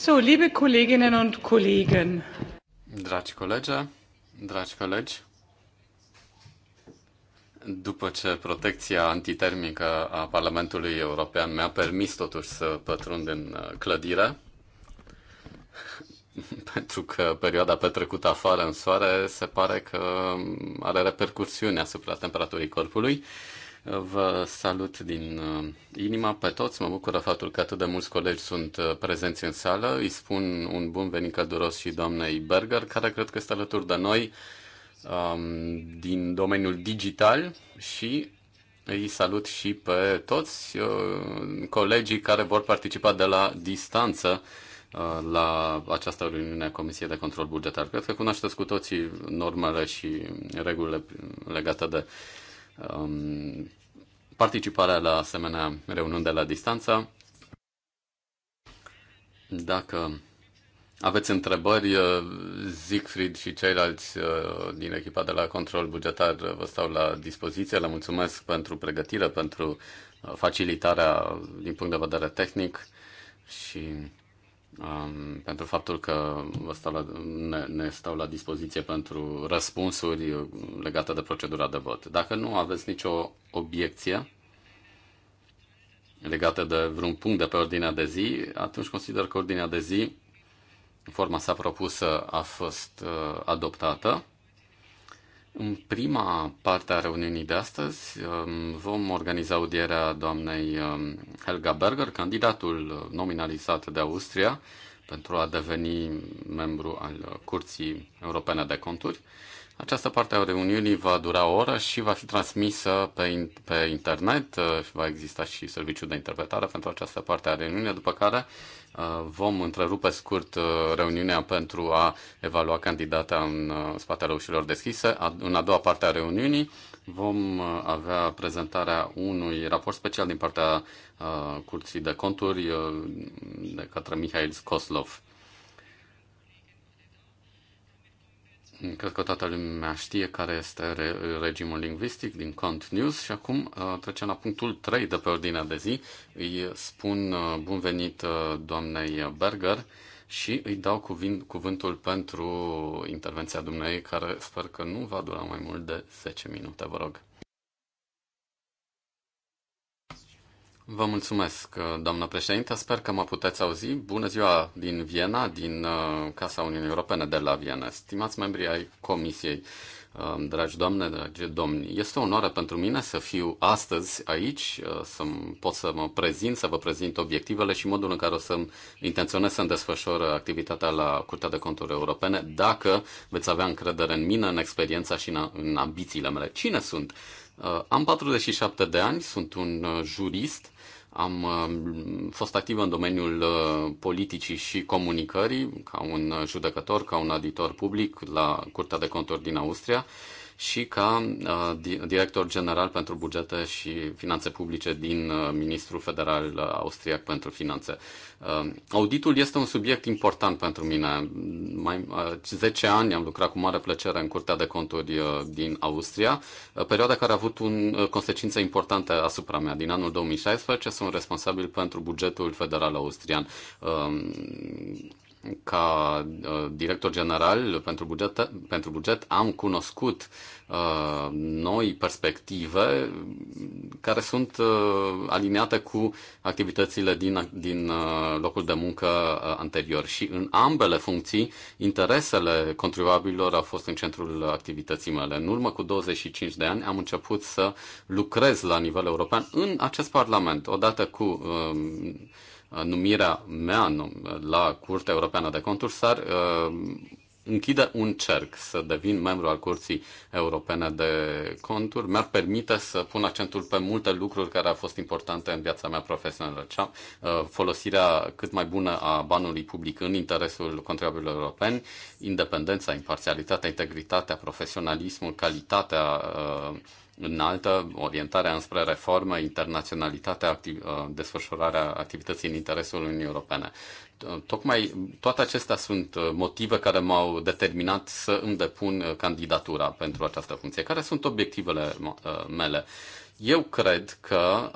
So, liebe Kolleginnen und Kollegen. Dragi colegi, dragi colegi, după ce protecția antitermică a Parlamentului European mi-a permis totuși să pătrund în uh, clădire, pentru că perioada petrecută afară în soare se pare că are repercursiuni asupra temperaturii corpului, Vă salut din uh, inima pe toți. Mă bucură faptul că atât de mulți colegi sunt uh, prezenți în sală. Îi spun un bun venit călduros și doamnei Berger, care cred că este alături de noi um, din domeniul digital și îi salut și pe toți uh, colegii care vor participa de la distanță uh, la această reuniune a Comisiei de Control Bugetar. Cred că cunoașteți cu toții normele și regulile legate de um, participarea la asemenea reuniuni de la distanță. Dacă aveți întrebări, uh, Siegfried și ceilalți uh, din echipa de la Control Bugetar uh, vă stau la dispoziție. Le mulțumesc pentru pregătire, pentru facilitarea din punct de vedere tehnic și um, pentru faptul că vă stau la, ne, ne stau la dispoziție pentru răspunsuri legate de procedura de vot. Dacă nu aveți nicio obiecție legată de vreun punct de pe ordinea de zi, atunci consider că ordinea de zi, în forma sa propusă, a fost uh, adoptată. În prima parte a reuniunii de astăzi um, vom organiza audierea doamnei um, Helga Berger, candidatul nominalizat de Austria pentru a deveni membru al Curții Europene de Conturi. Această parte a reuniunii va dura o oră și va fi transmisă pe, pe internet. Uh, va exista și serviciul de interpretare pentru această parte a reuniunii, după care uh, vom întrerupe scurt uh, reuniunea pentru a evalua candidata în spatele ușilor deschise. În a doua parte a reuniunii vom avea prezentarea unui raport special din partea Curții de Conturi de către Mihail Skoslov. Cred că toată lumea știe care este re- regimul lingvistic din Cont News și acum uh, trecem la punctul 3 de pe ordinea de zi. Îi spun uh, bun venit uh, doamnei Berger și îi dau cuvint, cuvântul pentru intervenția dumneavoastră, care sper că nu va dura mai mult de 10 minute, vă rog. Vă mulțumesc, doamnă președinte. Sper că mă puteți auzi. Bună ziua din Viena, din uh, Casa Uniunii Europene de la Viena. Stimați membri ai Comisiei, uh, dragi doamne, dragi domni, este o onoare pentru mine să fiu astăzi aici, uh, să pot să mă prezint, să vă prezint obiectivele și modul în care o să intenționez să-mi desfășor activitatea la Curtea de Conturi Europene, dacă veți avea încredere în mine, în experiența și în ambițiile mele. Cine sunt? Am 47 de ani, sunt un jurist, am um, fost activ în domeniul uh, politicii și comunicării, ca un uh, judecător, ca un aditor public la Curtea de Conturi din Austria și ca uh, director general pentru bugete și finanțe publice din uh, Ministrul Federal uh, Austriac pentru Finanțe. Auditul este un subiect important pentru mine. Mai 10 ani am lucrat cu mare plăcere în Curtea de Conturi din Austria, perioada care a avut un, consecințe importante asupra mea. Din anul 2016 sunt responsabil pentru bugetul federal austrian um, ca uh, director general pentru buget, pentru buget am cunoscut uh, noi perspective care sunt uh, aliniate cu activitățile din, din uh, locul de muncă uh, anterior și în ambele funcții interesele contribuabililor au fost în centrul activității mele. În urmă cu 25 de ani am început să lucrez la nivel european în acest parlament, odată cu uh, numirea mea la Curtea Europeană de Conturi s-ar uh, închide un cerc să devin membru al Curții Europene de Conturi mi-ar permite să pun accentul pe multe lucruri care au fost importante în viața mea profesională. Cea, uh, folosirea cât mai bună a banului public în interesul contribuabililor europeni, independența, imparțialitatea, integritatea, profesionalismul, calitatea uh, înaltă, orientarea înspre reformă, internaționalitatea, activ, uh, desfășurarea activității în interesul Uniunii Europene. Tocmai toate acestea sunt uh, motive care m-au determinat să îmi depun uh, candidatura pentru această funcție. Care sunt obiectivele mele? Eu cred că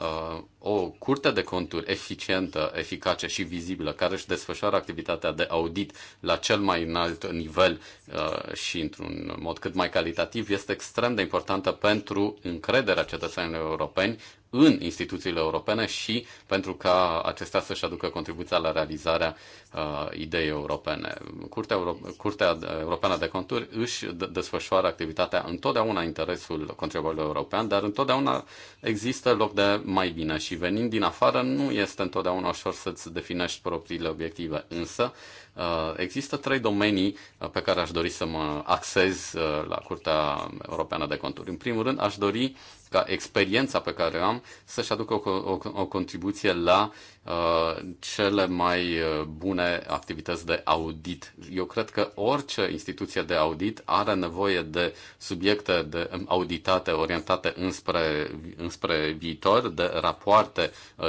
o curte de conturi eficientă, eficace și vizibilă, care își desfășoară activitatea de audit la cel mai înalt nivel uh, și într-un mod cât mai calitativ, este extrem de importantă pentru încrederea cetățenilor europeni în instituțiile europene și pentru ca acestea să-și aducă contribuția la realizarea uh, ideii europene. Curtea, Euro- Curtea Europeană de Conturi își desfășoară activitatea întotdeauna interesul contribuabilului european, dar întotdeauna există loc de mai bine și și venind din afară nu este întotdeauna ușor să-ți definești propriile obiective, însă Uh, există trei domenii uh, pe care aș dori să mă axez uh, la Curtea Europeană de Conturi. În primul rând, aș dori ca experiența pe care am să-și aducă o, o, o contribuție la uh, cele mai bune activități de audit. Eu cred că orice instituție de audit are nevoie de subiecte de um, auditate orientate înspre, înspre viitor, de rapoarte uh,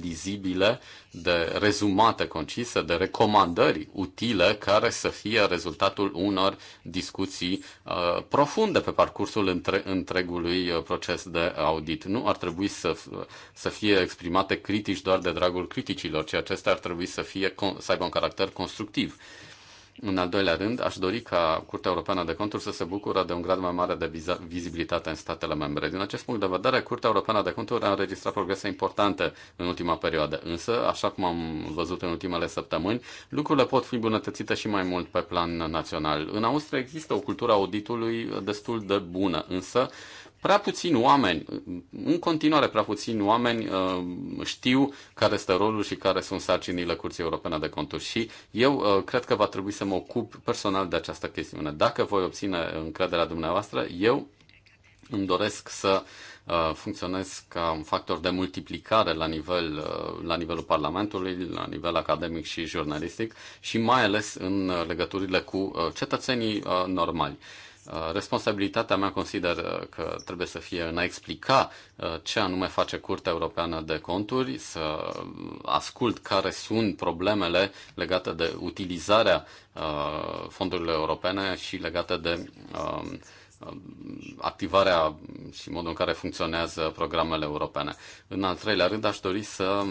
lizibile, de rezumate concise, de recomandări întrebări utile care să fie rezultatul unor discuții uh, profunde pe parcursul între, întregului uh, proces de audit. Nu ar trebui să, să fie exprimate critici doar de dragul criticilor, ci acestea ar trebui să, fie, să aibă un caracter constructiv. În al doilea rând, aș dori ca Curtea Europeană de Conturi să se bucură de un grad mai mare de vizibilitate în statele membre. Din acest punct de vedere, Curtea Europeană de Conturi a înregistrat progrese importante în ultima perioadă, însă, așa cum am văzut în ultimele săptămâni, lucrurile pot fi îmbunătățite și mai mult pe plan național. În Austria există o cultură auditului destul de bună, însă Prea puțini oameni, în continuare prea puțini oameni uh, știu care este rolul și care sunt sarcinile Curții Europene de Conturi și eu uh, cred că va trebui să mă ocup personal de această chestiune. Dacă voi obține încrederea dumneavoastră, eu îmi doresc să uh, funcționez ca un factor de multiplicare la, nivel, la nivelul Parlamentului, la nivel academic și jurnalistic și mai ales în legăturile cu cetățenii normali. Uh, responsabilitatea mea consider uh, că trebuie să fie în a explica uh, ce anume face Curtea Europeană de Conturi, să ascult care sunt problemele legate de utilizarea fondurilor europene și legate de um, activarea și modul în care funcționează programele europene. În al treilea rând, aș dori să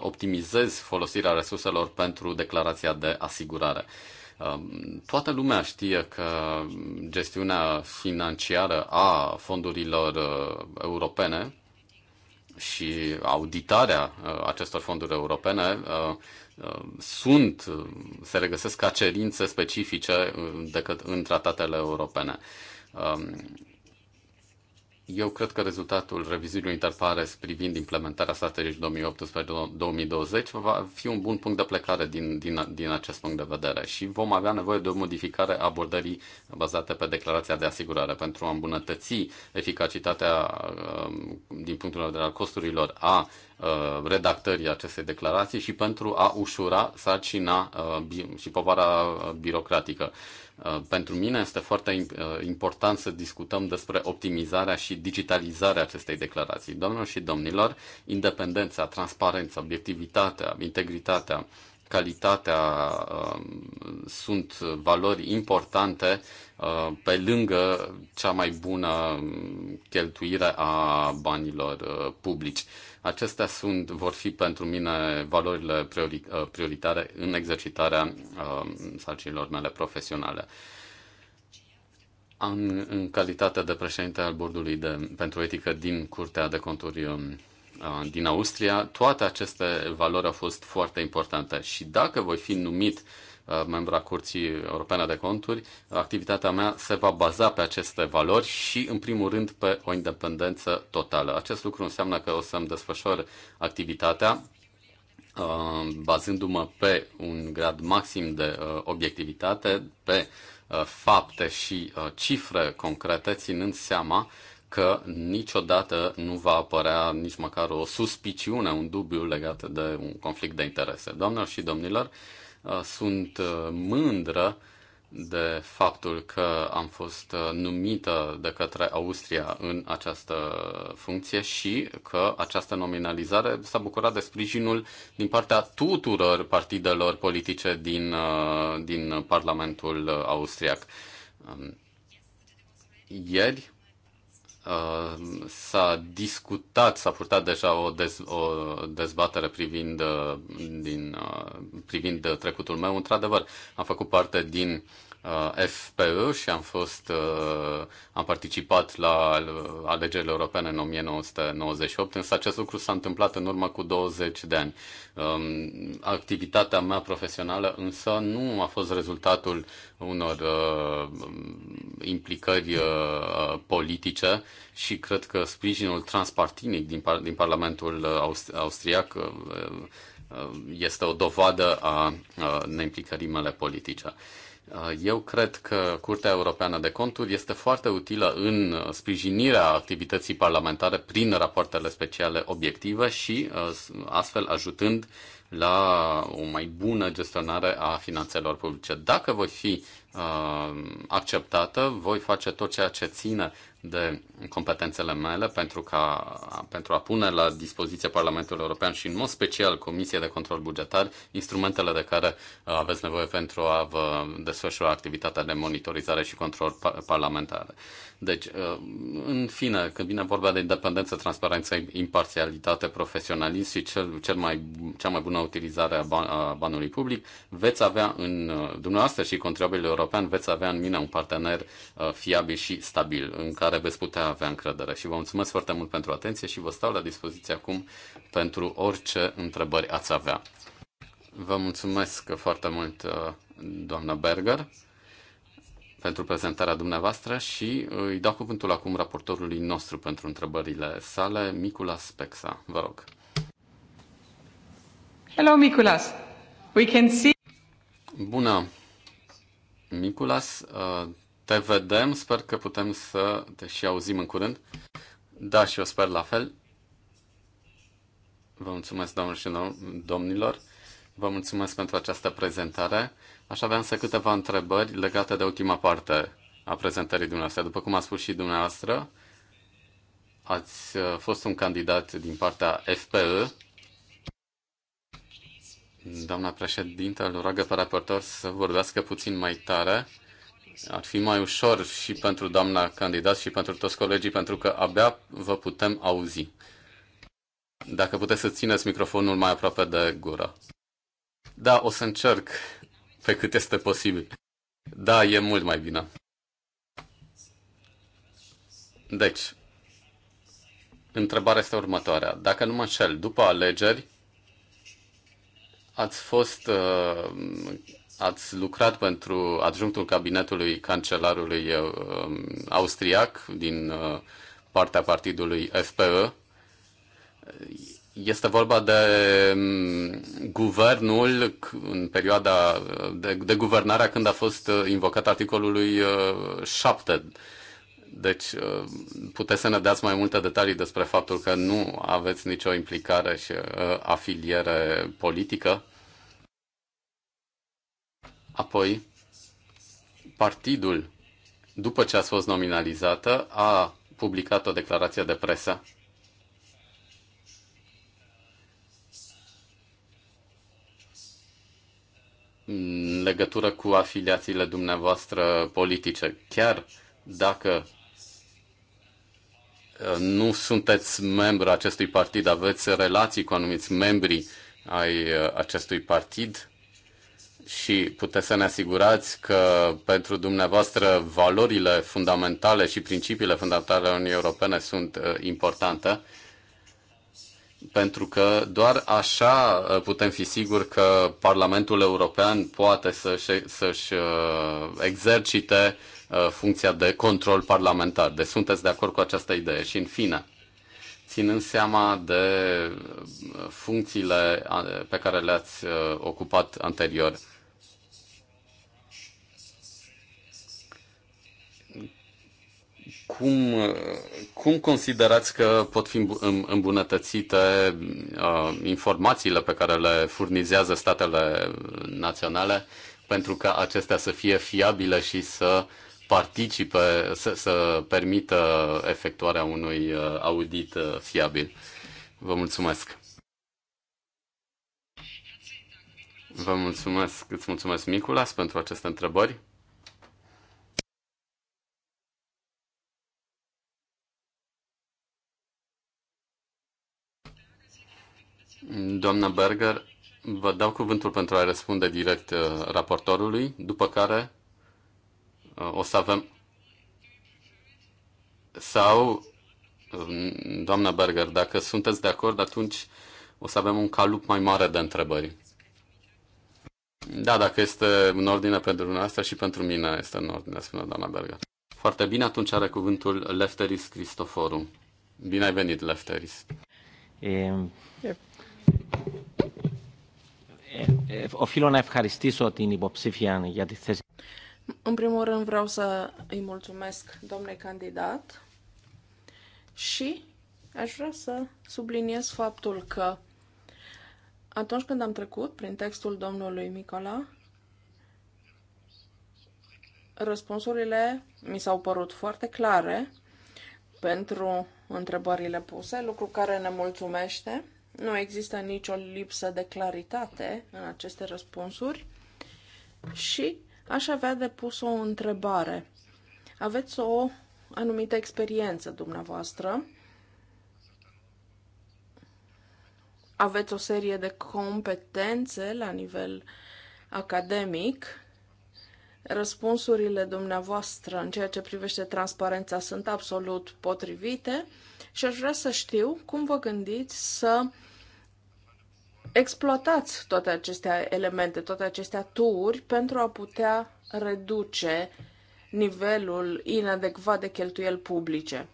optimizez folosirea resurselor pentru declarația de asigurare. Um, toată lumea știe că gestiunea financiară a fondurilor uh, europene și auditarea uh, acestor fonduri europene uh, sunt, se regăsesc ca cerințe specifice decât în tratatele europene. Um, eu cred că rezultatul reviziunii interpares privind implementarea strategiei 2018-2020 va fi un bun punct de plecare din, din, din acest punct de vedere și vom avea nevoie de o modificare a abordării bazate pe declarația de asigurare pentru a îmbunătăți eficacitatea um, din punctul de vedere al costurilor a uh, redactării acestei declarații și pentru a ușura sarcina uh, și povara uh, birocratică. Uh, pentru mine este foarte uh, important să discutăm despre optimizarea și digitalizarea acestei declarații. domnilor și domnilor, independența, transparența, obiectivitatea, integritatea, calitatea um, sunt valori importante uh, pe lângă cea mai bună cheltuire a banilor publici. Acestea sunt, vor fi pentru mine valorile priori, uh, prioritare în exercitarea uh, sarcinilor mele profesionale. În, în calitate de președinte al Bordului de, pentru Etică din Curtea de Conturi um, uh, din Austria, toate aceste valori au fost foarte importante și dacă voi fi numit uh, Uh, a Curții Europene de Conturi, activitatea mea se va baza pe aceste valori și, în primul rând, pe o independență totală. Acest lucru înseamnă că o să-mi desfășor activitatea uh, bazându-mă pe un grad maxim de uh, obiectivitate, pe fapte și cifre concrete, ținând seama că niciodată nu va apărea nici măcar o suspiciune, un dubiu legat de un conflict de interese. Doamnelor și domnilor, Uh, sunt uh, mândră de faptul că am fost uh, numită de către Austria în această funcție și că această nominalizare s-a bucurat de sprijinul din partea tuturor partidelor politice din, din Parlamentul austriac. Um, ieri Uh, s-a discutat, s-a purtat deja o, dez, o dezbatere privind, uh, din, uh, privind trecutul meu. Într-adevăr, am făcut parte din Uh, FPE și am fost uh, am participat la uh, alegerile europene în 1998, însă acest lucru s-a întâmplat în urmă cu 20 de ani. Um, activitatea mea profesională însă nu a fost rezultatul unor implicări politice și cred că sprijinul transpartinic din, din Parlamentul austriac este o dovadă a neimplicării mele politice. Uh, eu cred că Curtea Europeană de Conturi este foarte utilă în sprijinirea activității parlamentare prin rapoartele speciale obiective și uh, astfel ajutând la o mai bună gestionare a finanțelor publice. Dacă voi fi uh, acceptată, voi face tot ceea ce ține de competențele mele pentru, ca, pentru a pune la dispoziție Parlamentului European și în mod special Comisia de Control Bugetar instrumentele de care uh, aveți nevoie pentru a vă desfășura activitatea de monitorizare și control parlamentar. Deci, uh, în fine, când vine vorba de independență, transparență, imparțialitate, profesionalism și cel, cel mai, cea mai bună utilizare a, ban, a banului public, veți avea în uh, dumneavoastră și contribuabilul european veți avea în mine un partener fiabil și stabil în care care veți putea avea încredere. Și vă mulțumesc foarte mult pentru atenție și vă stau la dispoziție acum pentru orice întrebări ați avea. Vă mulțumesc foarte mult, uh, doamna Berger, pentru prezentarea dumneavoastră și îi dau cuvântul acum raportorului nostru pentru întrebările sale, Miculas Pexa. Vă rog. Hello, Miculas. We can see... Bună, Miculas. Uh, te vedem, sper că putem să te și auzim în curând. Da, și eu sper la fel. Vă mulțumesc, domnilor și domnilor. Vă mulțumesc pentru această prezentare. Aș avea însă câteva întrebări legate de ultima parte a prezentării dumneavoastră. După cum a spus și dumneavoastră, ați uh, fost un candidat din partea FPE. Doamna președintă, îl roagă pe raportor să vorbească puțin mai tare ar fi mai ușor și pentru doamna candidat și pentru toți colegii, pentru că abia vă putem auzi. Dacă puteți să țineți microfonul mai aproape de gură. Da, o să încerc pe cât este posibil. Da, e mult mai bine. Deci, întrebarea este următoarea. Dacă nu mă înșel, după alegeri, ați fost uh, ați lucrat pentru adjunctul cabinetului cancelarului uh, um, austriac din uh, partea partidului FPE. Este vorba de um, guvernul în perioada uh, de, de guvernare când a fost invocat articolului 7. Deci puteți să ne dați mai multe detalii despre faptul că nu aveți nicio implicare și afiliere politică? Apoi, partidul, după ce a fost nominalizată, a publicat o declarație de presă în legătură cu afiliațiile dumneavoastră politice. Chiar dacă uh, nu sunteți membru acestui partid, aveți relații cu anumiți membri ai uh, acestui partid, și puteți să ne asigurați că pentru dumneavoastră valorile fundamentale și principiile fundamentale ale Uniunii Europene sunt uh, importante, pentru că doar așa uh, putem fi siguri că Parlamentul European poate să-și, să-și uh, exercite funcția de control parlamentar. Deci sunteți de acord cu această idee. Și în fine, ținând seama de funcțiile pe care le-ați ocupat anterior. cum, cum considerați că pot fi îmbunătățite uh, informațiile pe care le furnizează statele naționale pentru ca acestea să fie fiabile și să participe, să, să permită efectuarea unui uh, audit uh, fiabil? Vă mulțumesc! Vă mulțumesc, îți mulțumesc Miculas pentru aceste întrebări. Doamna Berger, vă dau cuvântul pentru a răspunde direct uh, raportorului, după care uh, o să avem... Sau, um, doamna Berger, dacă sunteți de acord, atunci o să avem un calup mai mare de întrebări. Da, dacă este în ordine pentru dumneavoastră și pentru mine este în ordine, spune doamna Berger. Foarte bine, atunci are cuvântul Lefteris Cristoforu. Bine ai venit, Lefteris. E... Οφείλω να ευχαριστήσω την υποψήφια για τη θέση. În primul rând vreau să îi mulțumesc domnului candidat și aș vrea să subliniez faptul că atunci când am trecut prin textul domnului Micola, răspunsurile mi s-au părut foarte clare pentru întrebările puse, lucru care ne mulțumește nu există nicio lipsă de claritate în aceste răspunsuri și aș avea de pus o întrebare. Aveți o anumită experiență dumneavoastră aveți o serie de competențe la nivel academic. Răspunsurile dumneavoastră în ceea ce privește transparența sunt absolut potrivite și aș vrea să știu cum vă gândiți să exploatați toate aceste elemente, toate aceste aturi pentru a putea reduce nivelul inadecvat de cheltuieli publice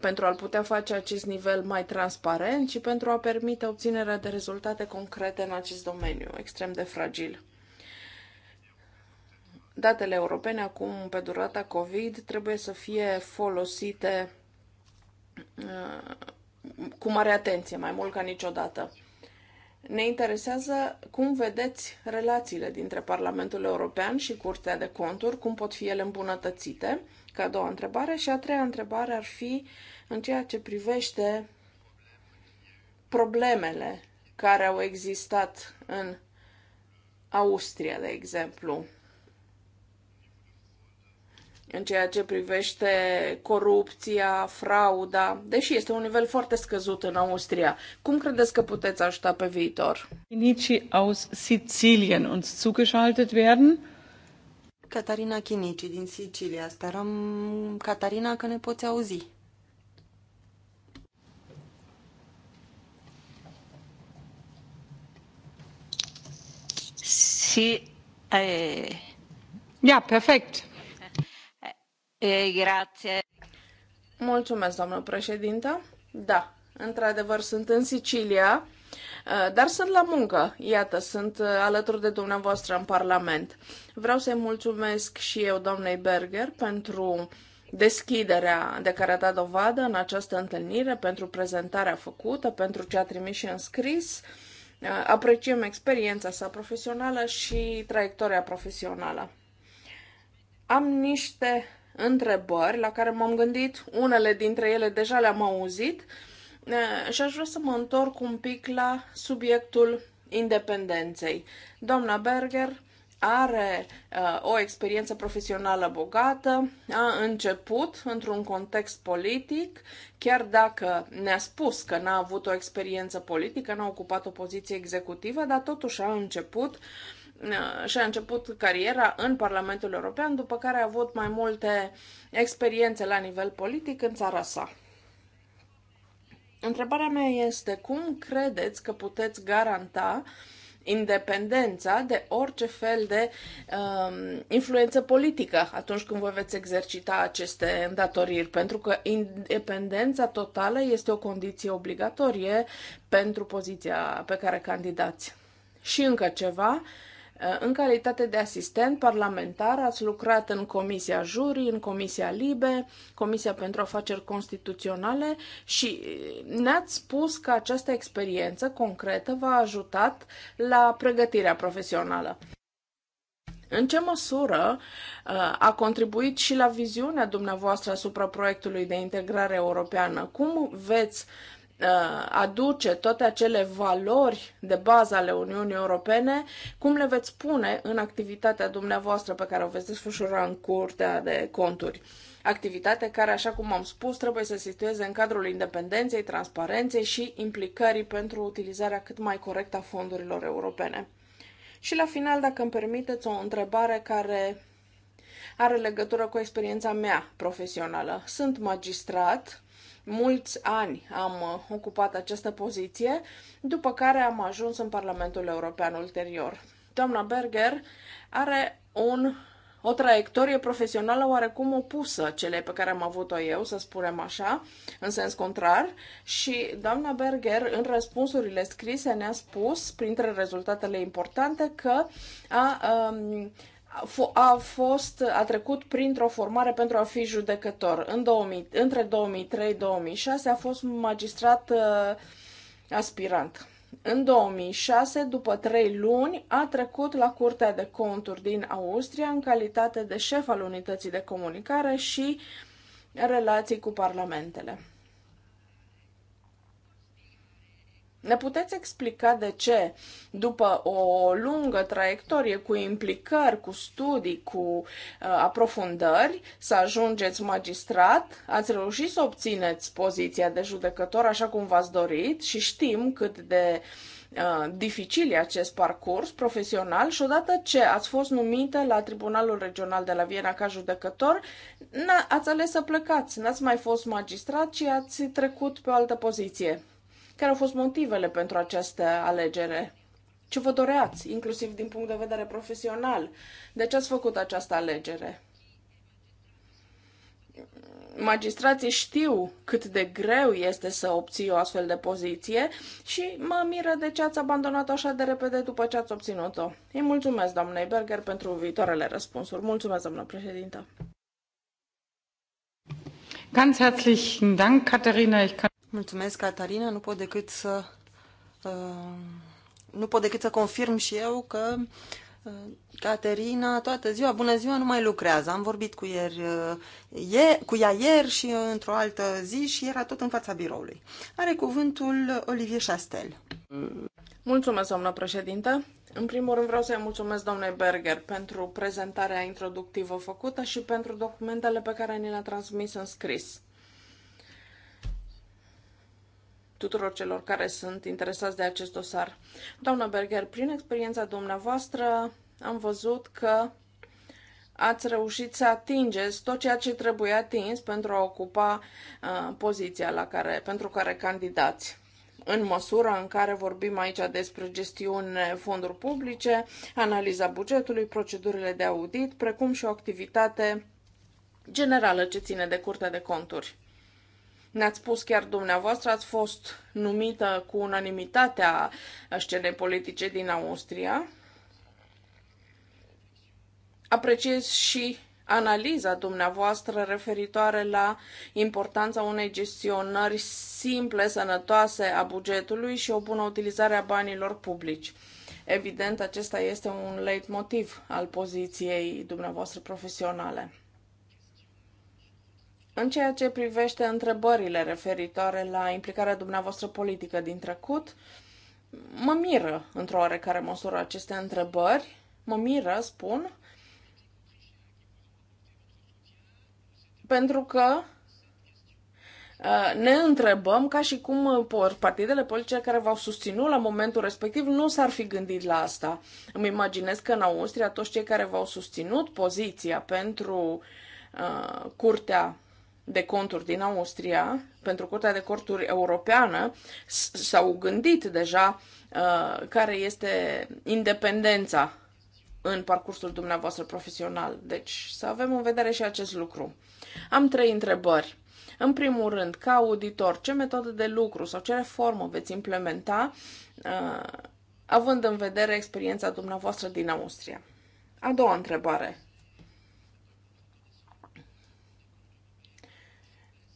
pentru a-l putea face acest nivel mai transparent și pentru a permite obținerea de rezultate concrete în acest domeniu extrem de fragil. Datele europene acum, pe durata COVID, trebuie să fie folosite uh, cu mare atenție, mai mult ca niciodată. Ne interesează cum vedeți relațiile dintre Parlamentul European și Curtea de Conturi, cum pot fi ele îmbunătățite, ca a doua întrebare. Și a treia întrebare ar fi în ceea ce privește problemele care au existat în Austria, de exemplu, în ceea ce privește corupția, frauda, deși este un nivel foarte scăzut în Austria. Cum credeți că puteți ajuta pe viitor? Chinici aus Sicilien uns zugeschaltet werden. Catarina Chinici din Sicilia. Sperăm, Catarina, că ne poți auzi. Si, eh. Ja, perfect. Mulțumesc, doamnă președintă. Da, într-adevăr, sunt în Sicilia, uh, dar sunt la muncă. Iată, sunt uh, alături de dumneavoastră în Parlament. Vreau să-i mulțumesc și eu, doamnei Berger, pentru deschiderea de care a dat dovadă în această întâlnire, pentru prezentarea făcută, pentru ce a trimis și în scris. Uh, apreciem experiența sa profesională și traiectoria profesională. Am niște întrebări la care m-am gândit, unele dintre ele deja le-am auzit și aș vrea să mă întorc un pic la subiectul independenței. Doamna Berger are uh, o experiență profesională bogată, a început într-un context politic, chiar dacă ne-a spus că n-a avut o experiență politică, n-a ocupat o poziție executivă, dar totuși a început uh, Uh, și-a început cariera în Parlamentul European, după care a avut mai multe experiențe la nivel politic în țara sa. Întrebarea mea este cum credeți că puteți garanta independența de orice fel de um, influență politică atunci când vă veți exercita aceste îndatoriri, pentru că independența totală este o condiție obligatorie pentru poziția pe care candidați. Și încă ceva, uh, Uh, în calitate de asistent parlamentar ați lucrat în Comisia Juri, în Comisia Libe, Comisia pentru Afaceri Constituționale și uh, ne-ați spus că această experiență concretă v-a ajutat la pregătirea profesională. În ce măsură uh, a contribuit și la viziunea dumneavoastră asupra proiectului de integrare europeană? Cum veți Uh, aduce toate acele valori de bază ale Uniunii Europene, cum le veți pune în activitatea dumneavoastră pe care o veți desfășura în Curtea de Conturi. Activitate care, așa cum am spus, trebuie să se situeze în cadrul independenței, transparenței și implicării pentru utilizarea cât mai corectă a fondurilor europene. Și la final, dacă îmi permiteți, o întrebare care are legătură cu experiența mea profesională. Sunt magistrat mulți ani am uh, ocupat această poziție, după care am ajuns în Parlamentul European ulterior. Doamna Berger are un, o traiectorie profesională oarecum opusă celei pe care am avut-o eu, să spunem așa, în sens contrar, și doamna Berger, în răspunsurile scrise, ne-a spus, printre rezultatele importante, că a. Um, a fost, a trecut printr-o formare pentru a fi judecător. În 2000, între 2003-2006 a fost magistrat uh, aspirant. În 2006, după trei luni, a trecut la Curtea de Conturi din Austria în calitate de șef al unității de comunicare și relații cu parlamentele. Ne puteți explica de ce, după o lungă traiectorie cu implicări, cu studii, cu uh, aprofundări, să ajungeți magistrat, ați reușit să obțineți poziția de judecător așa cum v-ați dorit și știm cât de uh, dificil e acest parcurs profesional și odată ce ați fost numită la Tribunalul Regional de la Viena ca judecător, ați ales să plecați, n-ați mai fost magistrat, ci ați trecut pe o altă poziție. Care au fost motivele pentru această alegere? Ce vă doreați, inclusiv din punct de vedere profesional? De ce ați făcut această alegere? magistrații știu cât de greu este să obții o astfel de poziție și mă miră de ce ați abandonat-o așa de repede după ce ați obținut-o. Îi mulțumesc, doamne Berger, pentru viitoarele răspunsuri. Mulțumesc, doamnă președintă. Ganz herzlichen Dank, Katharina. Ich kann... Mulțumesc, Catarina. Nu pot decât să uh, nu pot decât să confirm și eu că uh, Caterina toată ziua, bună ziua, nu mai lucrează. Am vorbit cu, ieri, uh, cu ea ieri și într-o altă zi și era tot în fața biroului. Are cuvântul Olivier Chastel. Mulțumesc, doamnă președintă. În primul rând vreau să-i mulțumesc doamnei Berger pentru prezentarea introductivă făcută și pentru documentele pe care ni le-a transmis în scris. tuturor celor care sunt interesați de acest dosar. Doamna Berger, prin experiența dumneavoastră am văzut că ați reușit să atingeți tot ceea ce trebuie atins pentru a ocupa uh, poziția la care, pentru care candidați în măsura în care vorbim aici despre gestiune fonduri publice, analiza bugetului, procedurile de audit, precum și o activitate generală ce ține de curtea de conturi. Ne-ați spus chiar dumneavoastră, ați fost numită cu unanimitatea scenei politice din Austria. Apreciez și analiza dumneavoastră referitoare la importanța unei gestionări simple, sănătoase a bugetului și o bună utilizare a banilor publici. Evident, acesta este un leitmotiv al poziției dumneavoastră profesionale. În ceea ce privește întrebările referitoare la implicarea dumneavoastră politică din trecut, mă miră într-o oarecare măsură aceste întrebări, mă miră, spun, pentru că ă, ne întrebăm ca și cum ă, partidele politice care v-au susținut la momentul respectiv nu s-ar fi gândit la asta. Îmi imaginez că în Austria toți cei care v-au susținut poziția pentru uh, curtea de conturi din Austria, pentru Curtea de Corturi Europeană, s-au gândit deja uh, care este independența în parcursul dumneavoastră profesional. Deci să avem în vedere și acest lucru. Am trei întrebări. În primul rând, ca auditor, ce metodă de lucru sau ce reformă veți implementa, uh, având în vedere experiența dumneavoastră din Austria? A doua întrebare.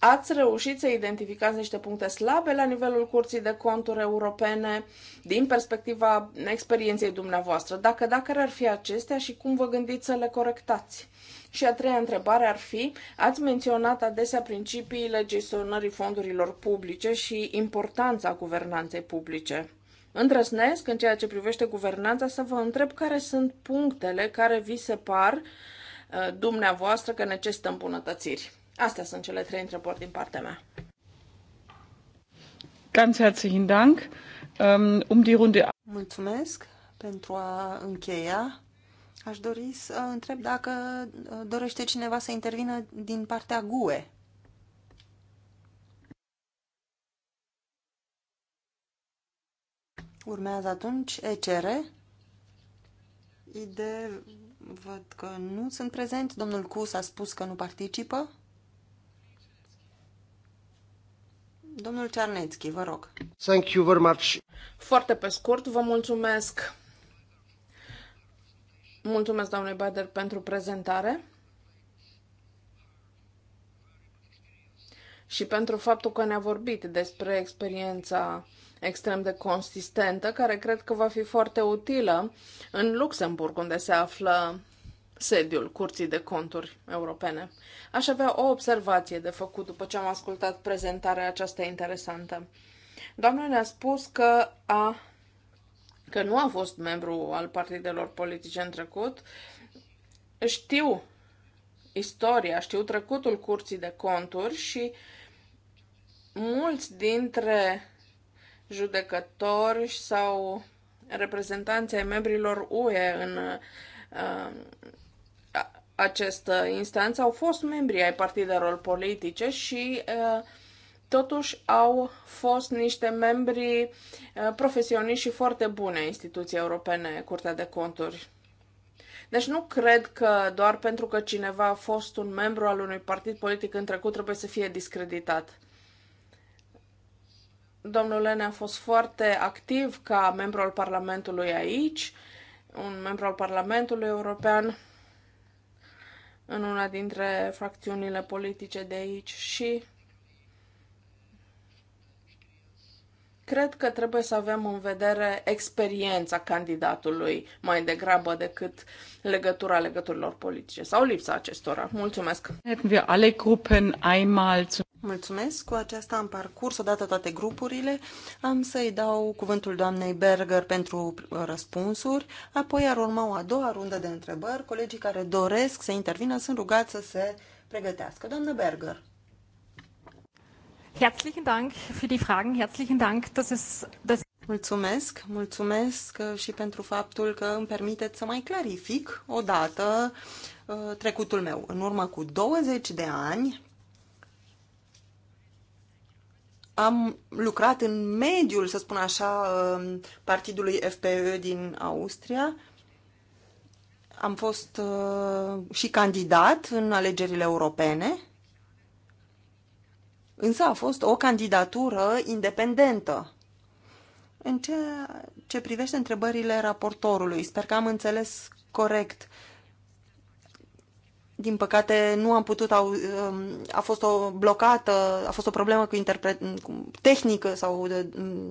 Ați reușit să identificați niște puncte slabe la nivelul Curții de Conturi Europene din perspectiva experienței dumneavoastră? Dacă da, care ar fi acestea și cum vă gândiți să le corectați? Și a treia întrebare ar fi, ați menționat adesea principiile gestionării fondurilor publice și importanța guvernanței publice. Îndrăznesc, în ceea ce privește guvernanța, să vă întreb care sunt punctele care vi se par uh, dumneavoastră că necesită îmbunătățiri. Astea sunt cele trei întrebări din partea mea. Ganz herzlichen Dank. Ähm, um die Runde... Mulțumesc pentru a încheia. Aș dori să întreb dacă uh, dorește cineva să intervină din partea GUE. Urmează atunci ECR. Ide, văd că nu sunt prezent. Domnul Cus a spus că nu participă. Domnul Cernetski, vă rog. Thank you very much. Foarte pe scurt, vă mulțumesc. Mulțumesc, doamne Bader, pentru prezentare. și pentru faptul că ne-a vorbit despre experiența extrem de consistentă, care cred că va fi foarte utilă în Luxemburg, unde se află sediul Curții de Conturi Europene. Aș avea o observație de făcut după ce am ascultat prezentarea aceasta interesantă. Doamna ne-a spus că a că nu a fost membru al partidelor politice în trecut, știu istoria, știu trecutul curții de conturi și mulți dintre judecători sau reprezentanții ai membrilor UE în uh, această instanță au fost membri ai partidelor politice și totuși au fost niște membri profesioniști și foarte bune instituții instituției europene, Curtea de Conturi. Deci nu cred că doar pentru că cineva a fost un membru al unui partid politic în trecut trebuie să fie discreditat. Domnul Lene a fost foarte activ ca membru al Parlamentului aici, un membru al Parlamentului European în una dintre fracțiunile politice de aici și cred că trebuie să avem în vedere experiența candidatului mai degrabă decât legătura legăturilor politice sau lipsa acestora. Mulțumesc! Mulțumesc. Cu aceasta am parcurs odată toate grupurile. Am să-i dau cuvântul doamnei Berger pentru uh, răspunsuri, apoi ar urma o a doua rundă de întrebări. Colegii care doresc să intervină sunt rugați să se pregătească. Doamnă Berger. Herzlichen Dank für die Fragen. Herzlichen Dank, dass es, dass Mulțumesc, mulțumesc uh, și pentru faptul că îmi permiteți să mai clarific o dată uh, trecutul meu. În urmă cu 20 de ani, am lucrat în mediul, să spun așa, um, partidului FPE din Austria. Am fost uh, și candidat în alegerile europene, însă a fost o candidatură independentă. În ce, ce privește întrebările raportorului, sper că am înțeles corect. Uh, din păcate, nu am putut, au, um, a fost o blocată, a fost o problemă cu interpret, cu tehnică sau de,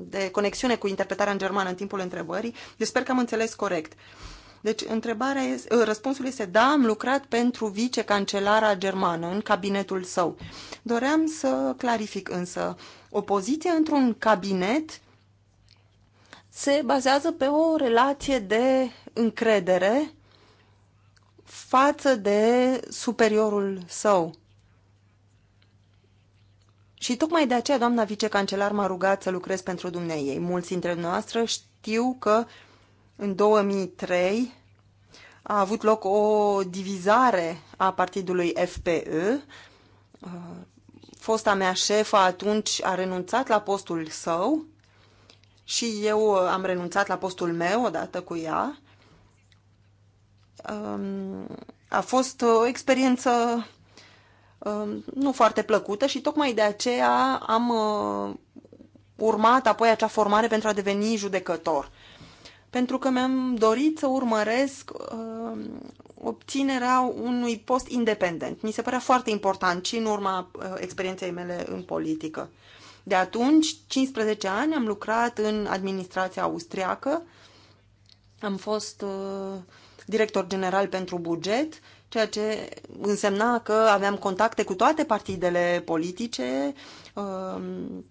de conexiune cu interpretarea în germană în timpul întrebării, deci sper că am înțeles corect. Deci, întrebarea este, uh, răspunsul este da, am lucrat pentru vicecancelara germană în cabinetul său. Doream să clarific însă, o poziție într-un cabinet se bazează pe o relație de încredere față de superiorul său. Și tocmai de aceea doamna vicecancelar m-a rugat să lucrez pentru dumneiei. Mulți dintre noastre știu că în 2003 a avut loc o divizare a partidului FPE. Fosta mea șefă atunci a renunțat la postul său și eu am renunțat la postul meu odată cu ea Um, a fost o experiență um, nu foarte plăcută și tocmai de aceea am uh, urmat apoi acea formare pentru a deveni judecător. Pentru că mi-am dorit să urmăresc um, obținerea unui post independent. Mi se părea foarte important și în urma uh, experienței mele în politică. De atunci, 15 ani, am lucrat în administrația austriacă. Am fost uh, director general pentru buget, ceea ce însemna că aveam contacte cu toate partidele politice, um,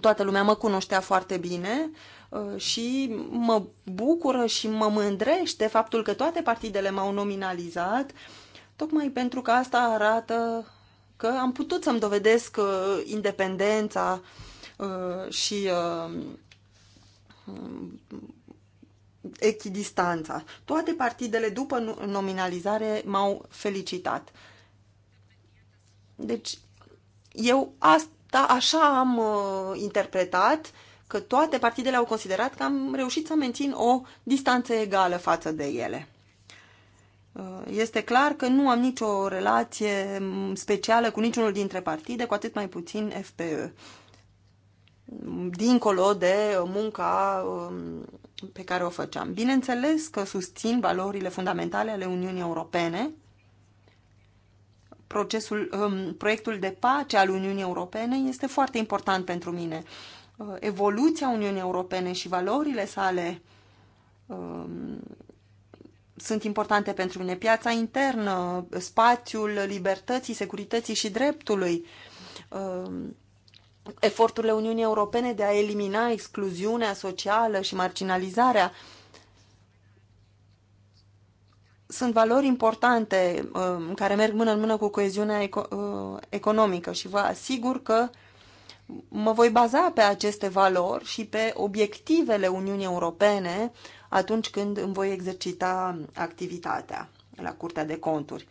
toată lumea mă cunoștea foarte bine uh, și mă bucură și mă mândrește faptul că toate partidele m-au nominalizat, tocmai pentru că asta arată că am putut să-mi dovedesc uh, independența uh, și echidistanța. Toate partidele după nominalizare m-au felicitat. Deci, eu asta da, așa am uh, interpretat că toate partidele au considerat că am reușit să mențin o distanță egală față de ele. Uh, este clar că nu am nicio relație mm, specială cu niciunul dintre partide, cu atât mai puțin FPE. Dincolo de munca um, pe care o făceam. Bineînțeles că susțin valorile fundamentale ale Uniunii Europene, procesul, um, proiectul de pace al Uniunii Europene este foarte important pentru mine. Uh, evoluția Uniunii Europene și valorile sale um, sunt importante pentru mine. Piața internă, spațiul libertății, securității și dreptului. Um, eforturile Uniunii Europene de a elimina excluziunea socială și marginalizarea. Sunt valori importante um, care merg mână în mână cu coeziunea uh, economică și vă asigur că mă voi baza pe aceste valori și pe obiectivele Uniunii Europene atunci când îmi voi exercita activitatea la Curtea de Conturi.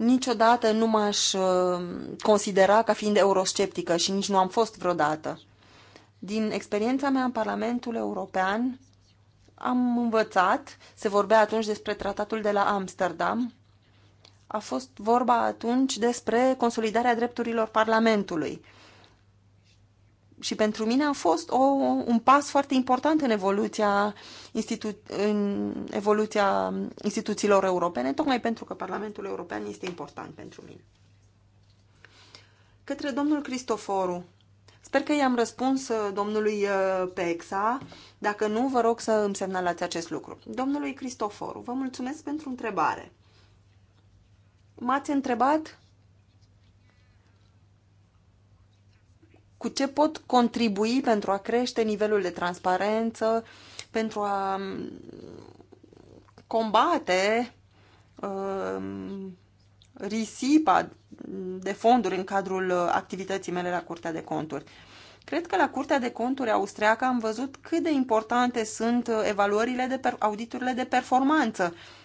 Niciodată nu m-aș uh, considera ca fiind eurosceptică și nici nu am fost vreodată. Din experiența mea în Parlamentul European am învățat, se vorbea atunci despre tratatul de la Amsterdam, a fost vorba atunci despre consolidarea drepturilor Parlamentului și pentru mine a fost o, un pas foarte important în evoluția, institu- în evoluția instituțiilor europene, tocmai pentru că Parlamentul European este important pentru mine. Către domnul Cristoforu, sper că i-am răspuns uh, domnului uh, Pexa, dacă nu, vă rog să îmi semnalați acest lucru. Domnului Cristoforu, vă mulțumesc pentru întrebare. M-ați întrebat cu ce pot contribui pentru a crește nivelul de transparență, pentru a um, combate uh, risipa de fonduri în cadrul activității mele la Curtea de Conturi. Cred că la Curtea de Conturi austriacă am văzut cât de importante sunt evaluările de per- auditurile de performanță. Uh,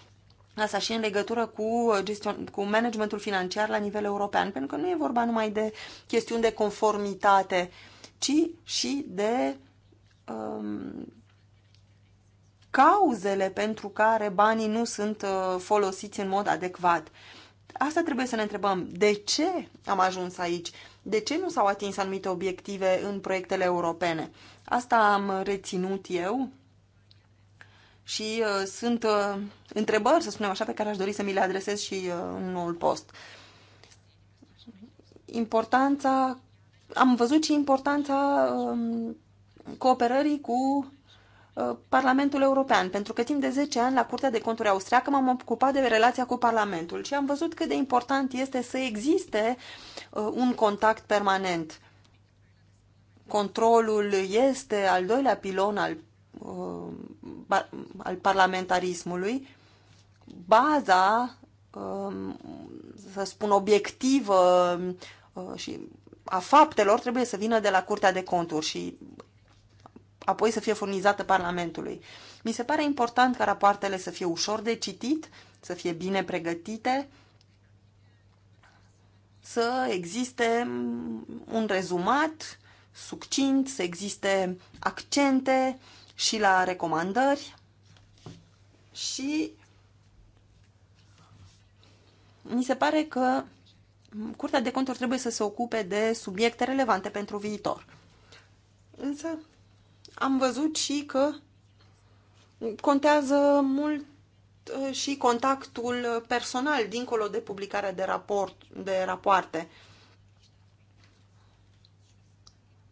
Asta și în legătură cu, gestion, cu managementul financiar la nivel european, pentru că nu e vorba numai de chestiuni de conformitate, ci și de um, cauzele pentru care banii nu sunt uh, folosiți în mod adecvat. Asta trebuie să ne întrebăm. De ce am ajuns aici? De ce nu s-au atins anumite obiective în proiectele europene? Asta am reținut eu și uh, sunt uh, întrebări, să spunem așa, pe care aș dori să mi le adresez și uh, în noul post. Importanța, am văzut și importanța uh, cooperării cu uh, Parlamentul European, pentru că timp de 10 ani la Curtea de Conturi Austriacă m-am ocupat de relația cu Parlamentul și am văzut cât de important este să existe uh, un contact permanent. Controlul este al doilea pilon al Um, al parlamentarismului, baza, um, să spun, obiectivă uh, și a faptelor trebuie să vină de la Curtea de Conturi și apoi să fie furnizată Parlamentului. Mi se pare important ca rapoartele să fie ușor de citit, să fie bine pregătite, să existe un rezumat succint, să existe accente, și la recomandări și mi se pare că Curtea de Conturi trebuie să se ocupe de subiecte relevante pentru viitor. Însă am văzut și că contează mult uh, și contactul personal dincolo de publicarea de, raport, de rapoarte.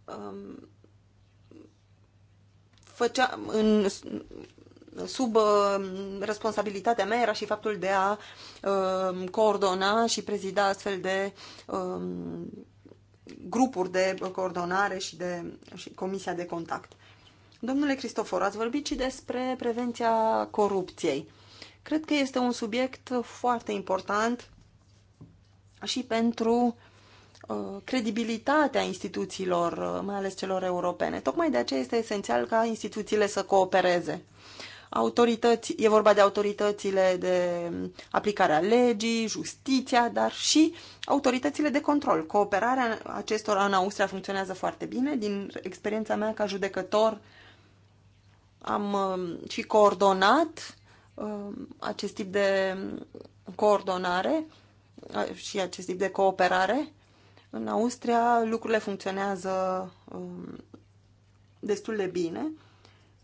Um, făcea, în, sub uh, responsabilitatea mea era și faptul de a uh, coordona și prezida astfel de uh, grupuri de coordonare și de și comisia de contact. Domnule Cristofor, ați vorbit și despre prevenția corupției. Cred că este un subiect foarte important și pentru uh, Uh, credibilitatea instituțiilor, uh, mai ales celor europene. Tocmai de aceea este esențial ca instituțiile să coopereze. Autorități, e vorba de autoritățile de aplicare a legii, justiția, dar și autoritățile de control. Cooperarea acestor în Austria funcționează foarte bine. Din experiența mea ca judecător am uh, și coordonat acest tip de coordonare și acest tip de cooperare în Austria lucrurile funcționează um, destul de bine.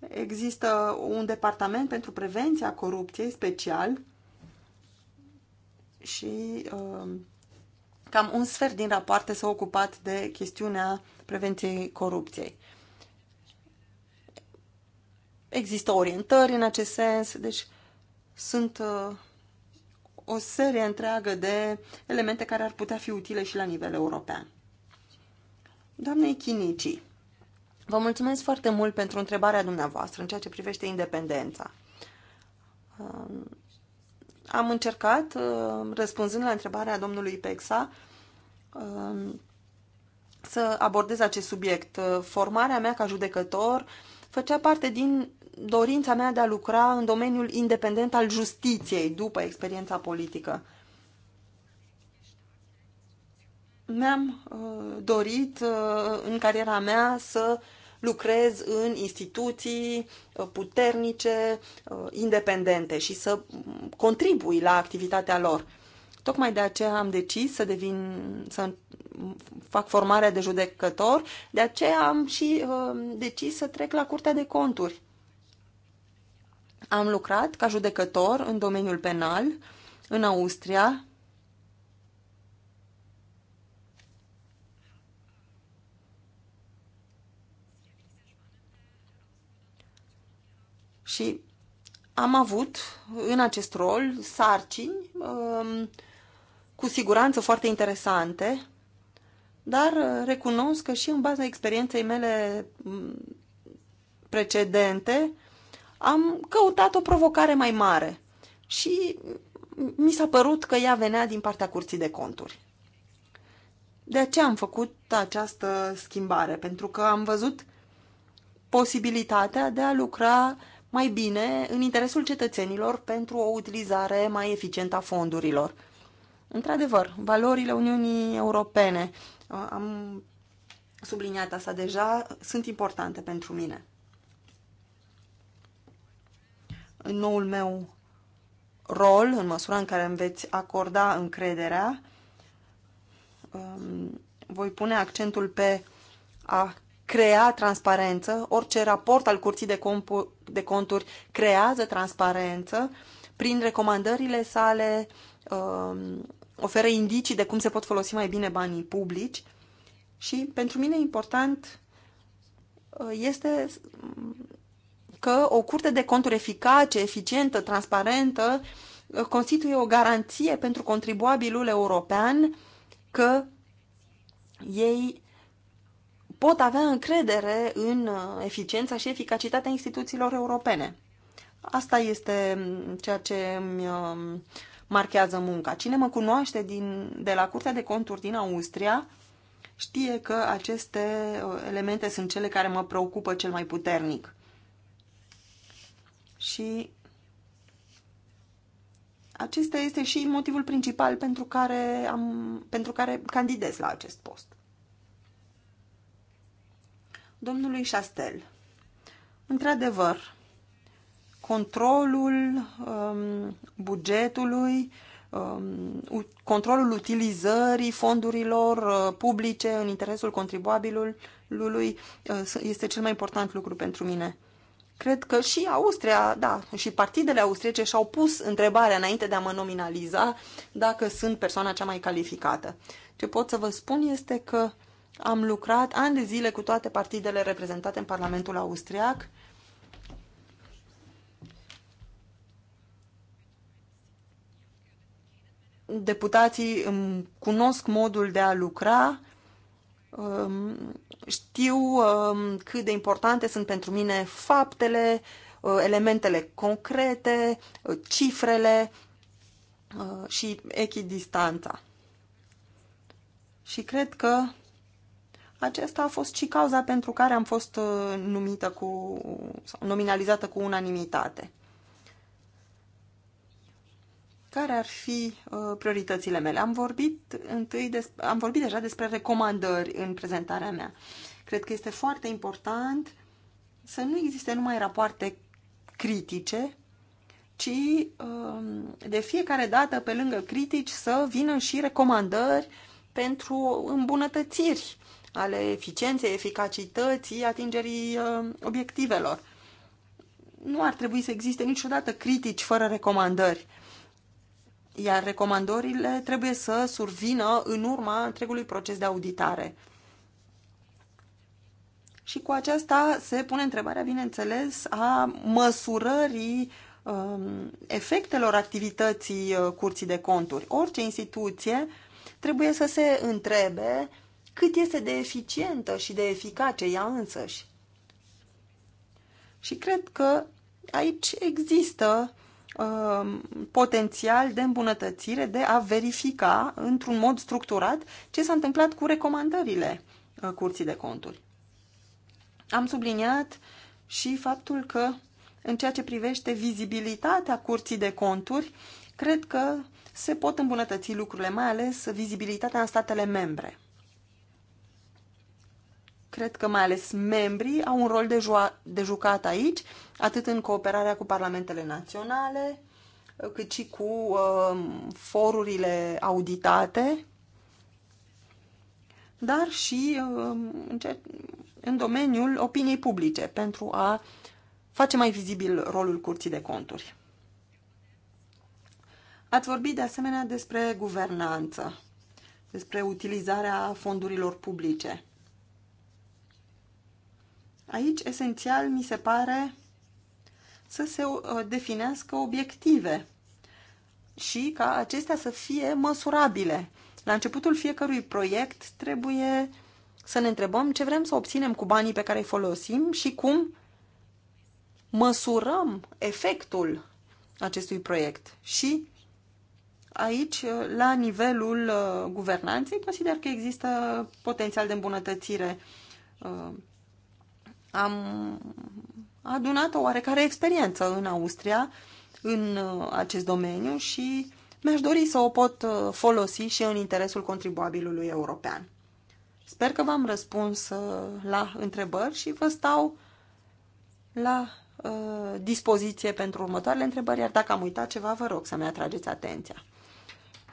Există un departament pentru prevenția corupției special și um, cam un sfert din rapoarte s-a ocupat de chestiunea prevenției corupției. Există orientări în acest sens, deci sunt uh, o serie întreagă de elemente care ar putea fi utile și la nivel european. Doamnei Chinicii, vă mulțumesc foarte mult pentru întrebarea dumneavoastră în ceea ce privește independența. Um, am încercat, um, răspunzând la întrebarea domnului Pexa, um, să abordez acest subiect. Formarea mea ca judecător făcea parte din dorința mea de a lucra în domeniul independent al justiției după experiența politică. Mi-am uh, dorit uh, în cariera mea să lucrez în instituții uh, puternice, uh, independente și să contribui la activitatea lor. Tocmai de aceea am decis să devin, să fac formarea de judecător, de aceea am și uh, decis să trec la Curtea de Conturi. Am lucrat ca judecător în domeniul penal în Austria. Și am avut în acest rol sarcini um, cu siguranță foarte interesante, dar uh, recunosc că și în baza experienței mele mm, precedente, am căutat o provocare mai mare și mi s-a părut că ea venea din partea curții de conturi. De aceea am făcut această schimbare, pentru că am văzut posibilitatea de a lucra mai bine în interesul cetățenilor pentru o utilizare mai eficientă a fondurilor. Într-adevăr, valorile Uniunii Europene, am subliniat asta deja, sunt importante pentru mine. în noul meu rol, în măsura în care îmi veți acorda încrederea, um, voi pune accentul pe a crea transparență. Orice raport al Curții de, de Conturi creează transparență prin recomandările sale, um, oferă indicii de cum se pot folosi mai bine banii publici și pentru mine important uh, este că o curte de conturi eficace, eficientă, transparentă, uh, constituie o garanție pentru contribuabilul european că ei pot avea încredere în uh, eficiența și eficacitatea instituțiilor europene. Asta este mm, ceea ce îmi um, marchează munca. Cine mă cunoaște din, de la Curtea de Conturi din Austria știe că aceste uh, elemente sunt cele care mă preocupă cel mai puternic. Și acesta este și motivul principal pentru care, am, pentru care candidez la acest post. Domnului Șastel, într-adevăr, controlul um, bugetului, um, controlul utilizării fondurilor uh, publice în interesul contribuabilului uh, este cel mai important lucru pentru mine Cred că și Austria, da, și partidele austriece și-au pus întrebarea înainte de a mă nominaliza dacă sunt persoana cea mai calificată. Ce pot să vă spun este că am lucrat ani de zile cu toate partidele reprezentate în Parlamentul Austriac. Deputații îmi cunosc modul de a lucra Um, știu um, cât de importante sunt pentru mine faptele, uh, elementele concrete, uh, cifrele uh, și echidistanța. Și cred că acesta a fost și cauza pentru care am fost numită cu, nominalizată cu unanimitate care ar fi uh, prioritățile mele. Am vorbit, întâi des, am vorbit deja despre recomandări în prezentarea mea. Cred că este foarte important să nu existe numai rapoarte critice, ci uh, de fiecare dată, pe lângă critici, să vină și recomandări pentru îmbunătățiri ale eficienței, eficacității, atingerii uh, obiectivelor. Nu ar trebui să existe niciodată critici fără recomandări iar recomandările trebuie să survină în urma întregului proces de auditare. Și cu aceasta se pune întrebarea, bineînțeles, a măsurării um, efectelor activității uh, curții de conturi. Orice instituție trebuie să se întrebe cât este de eficientă și de eficace ea însăși. Și cred că aici există Um, potențial de îmbunătățire de a verifica într-un mod structurat ce s-a întâmplat cu recomandările uh, curții de conturi. Am subliniat și faptul că în ceea ce privește vizibilitatea curții de conturi, cred că se pot îmbunătăți lucrurile, mai ales vizibilitatea în statele membre. Cred că mai ales membrii au un rol de, de jucat aici atât în cooperarea cu parlamentele naționale, cât și cu um, forurile auditate, dar și um, în domeniul opiniei publice, pentru a face mai vizibil rolul curții de conturi. Ați vorbit de asemenea despre guvernanță, despre utilizarea fondurilor publice. Aici, esențial, mi se pare să se uh, definească obiective și ca acestea să fie măsurabile. La începutul fiecărui proiect trebuie să ne întrebăm ce vrem să obținem cu banii pe care îi folosim și cum măsurăm efectul acestui proiect. Și aici, uh, la nivelul uh, guvernanței, consider că există potențial de îmbunătățire. Am adunat o oarecare experiență în Austria în uh, acest domeniu și mi-aș dori să o pot uh, folosi și în interesul contribuabilului european. Sper că v-am răspuns uh, la întrebări și vă stau la uh, dispoziție pentru următoarele întrebări, iar dacă am uitat ceva, vă rog să-mi atrageți atenția.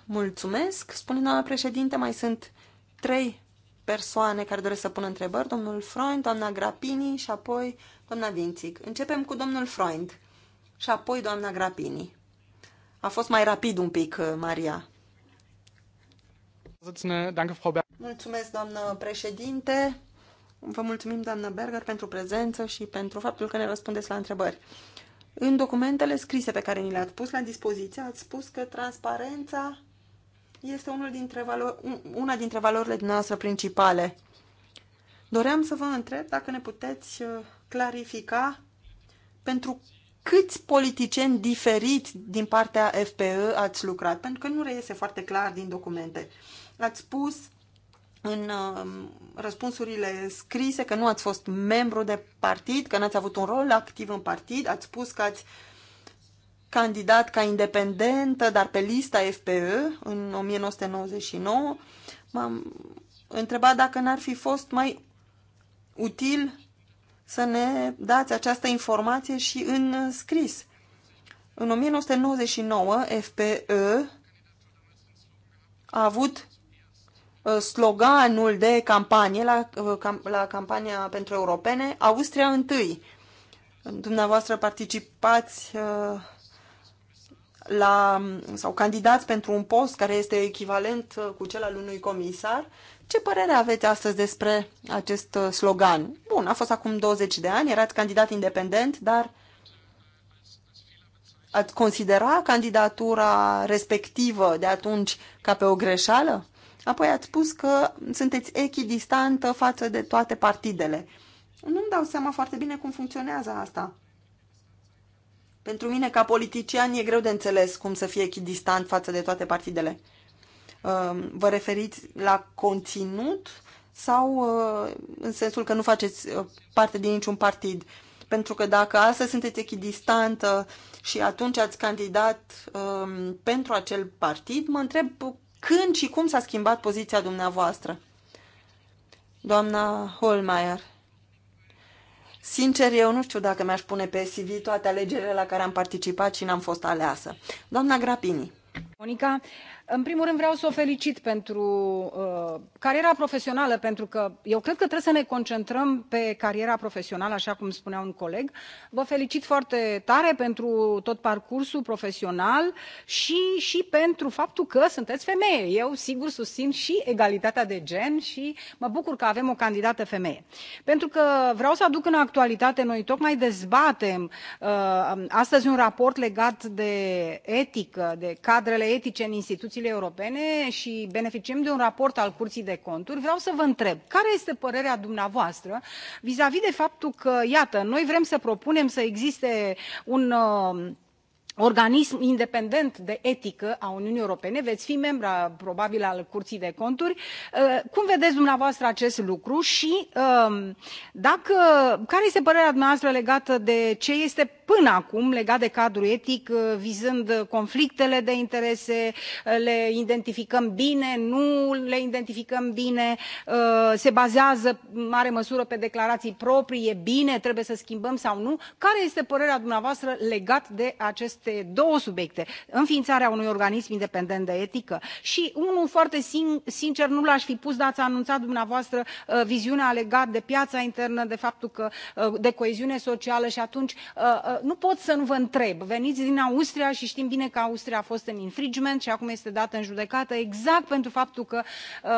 Mulțumesc, spune doamna președinte, mai sunt trei persoane care doresc să pună întrebări, domnul Freund, doamna Grapini și apoi doamna Vințic. Începem cu domnul Freund și apoi doamna Grapini. A fost mai rapid un pic, uh, Maria. Mulțumesc, doamnă președinte. Vă mulțumim, doamnă Berger, pentru prezență și pentru faptul că ne răspundeți la întrebări. În documentele scrise pe care ni le-ați pus la dispoziție, ați spus că transparența este unul dintre valo una dintre valorile noastre principale. Doream să vă întreb dacă ne puteți uh, clarifica pentru câți politicieni diferiți din partea FPE ați lucrat, pentru că nu reiese foarte clar din documente. Ați spus în um, răspunsurile scrise că nu ați fost membru de partid, că n-ați avut un rol activ în partid, ați spus că ați candidat ca independentă, dar pe lista FPE în 1999, m-am întrebat dacă n-ar fi fost mai util să ne dați această informație și în scris. În 1999, FPE a avut ă, sloganul de campanie la, ă, la campania pentru europene, Austria întâi. Dumneavoastră participați ă, la, sau candidați pentru un post care este echivalent uh, cu cel al unui comisar. Ce părere aveți astăzi despre acest uh, slogan? Bun, a fost acum 20 de ani, erați candidat independent, dar ați considera candidatura respectivă de atunci ca pe o greșeală? Apoi ați spus că sunteți echidistantă față de toate partidele. Nu-mi dau seama foarte bine cum funcționează asta. Pentru mine, ca politician, e greu de înțeles cum să fie echidistant față de toate partidele. Um, vă referiți la conținut sau uh, în sensul că nu faceți uh, parte din niciun partid? Pentru că dacă astăzi sunteți echidistantă și atunci ați candidat um, pentru acel partid, mă întreb când și cum s-a schimbat poziția dumneavoastră. Doamna Holmeier. Sincer, eu nu știu dacă mi-aș pune pe CV toate alegerile la care am participat și n-am fost aleasă. Doamna Grapini. Monica, în primul rând vreau să o felicit pentru uh, cariera profesională pentru că eu cred că trebuie să ne concentrăm pe cariera profesională așa cum spunea un coleg. vă felicit foarte tare pentru tot parcursul profesional și, și pentru faptul că sunteți femeie. eu sigur susțin și egalitatea de gen și mă bucur că avem o candidată femeie. pentru că vreau să aduc în actualitate noi tocmai dezbatem uh, astăzi un raport legat de etică de cadrele etice în instituții instituțiile europene și beneficiem de un raport al curții de conturi vreau să vă întreb care este părerea dumneavoastră vizavi de faptul că iată noi vrem să propunem să existe un uh, organism independent de etică a uniunii europene veți fi membră probabil a curții de conturi uh, cum vedeți dumneavoastră acest lucru și uh, dacă care este părerea dumneavoastră legată de ce este până acum legat de cadrul etic uh, vizând uh, conflictele de interese uh, le identificăm bine nu le identificăm bine se bazează în mare măsură pe declarații proprii e bine trebuie să schimbăm sau nu care este părerea dumneavoastră legată de aceste două subiecte înființarea unui organism independent de etică și unul foarte sincer nu l aș fi pus dar ați anunțat dumneavoastră viziunea legată de piața internă de faptul că de coeziune socială și atunci nu pot să nu vă întreb veniți din austria și știm bine că austria a fost în infringement și acum este dată în judecată exact pentru faptul că uh,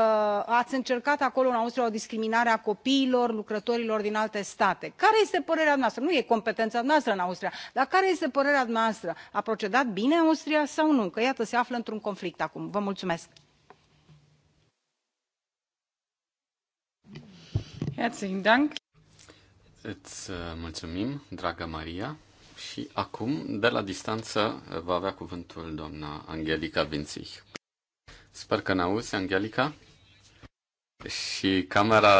ați încercat acolo în austria o discriminare a copiilor lucrătorilor din alte state. care este părerea noastră? nu e competența noastră în austria dar care este părerea noastră a procedat bine austria sau nu? că iată se află într un conflict acum. vă mulțumesc. Herzlichen Dank. Îți uh, mulțumim, dragă Maria. Și acum, de la distanță, va avea cuvântul doamna Angelica Vințich. Sper că ne auzi, Angelica. Și camera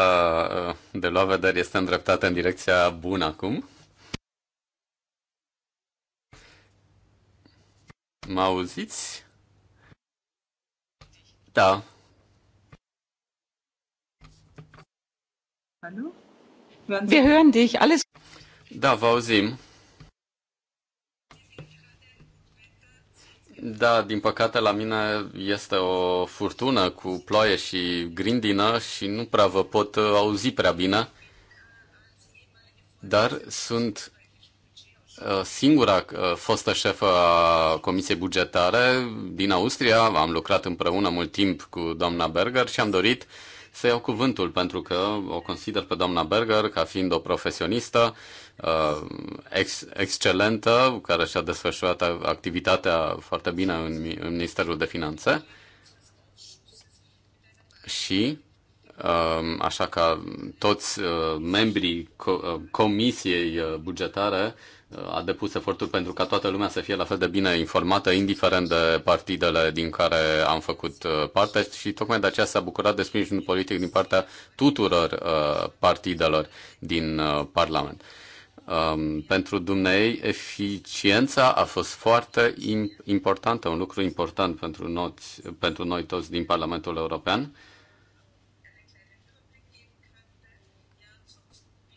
uh, de luat vedere este îndreptată în direcția bună acum. Mă auziți? Da. Hallo? Wir hören dich. Alles Da, vă auzim. Da, din păcate la mine este o furtună cu ploaie și grindină și nu prea vă pot uh, auzi prea bine, dar sunt uh, singura uh, fostă șefă a Comisiei Bugetare din Austria. Am lucrat împreună mult timp cu doamna Berger și am dorit să iau cuvântul pentru că o consider pe doamna Berger ca fiind o profesionistă ex- excelentă, care și-a desfășurat activitatea foarte bine în, în Ministerul de Finanțe. Și, um, așa ca toți uh, membrii uh, Comisiei uh, Bugetare, a depus eforturi pentru ca toată lumea să fie la fel de bine informată, indiferent de partidele din care am făcut parte și tocmai de aceea s-a bucurat de sprijinul politic din partea tuturor partidelor din Parlament um, pentru dumnei eficiența a fost foarte importantă, un lucru important pentru noi, pentru noi toți din Parlamentul European.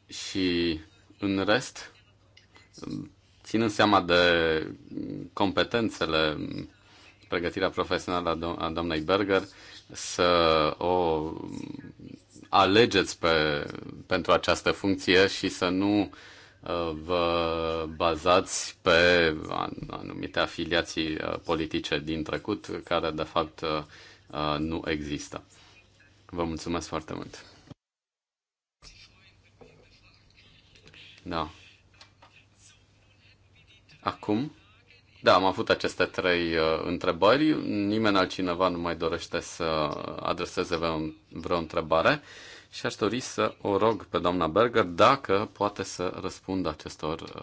Și în rest, ținând seama de competențele, pregătirea profesională a, do- a doamnei Berger, să o alegeți pe, pentru această funcție și să nu vă bazați pe anumite afiliații uh, politice din trecut, care de fapt uh, uh, nu există. Vă mulțumesc foarte mult! Da. Acum? Da, am avut aceste trei uh, întrebări. Nimeni altcineva nu mai dorește să adreseze vreo, vreo întrebare și aș dori să o rog pe doamna Berger dacă poate să răspundă acestor uh,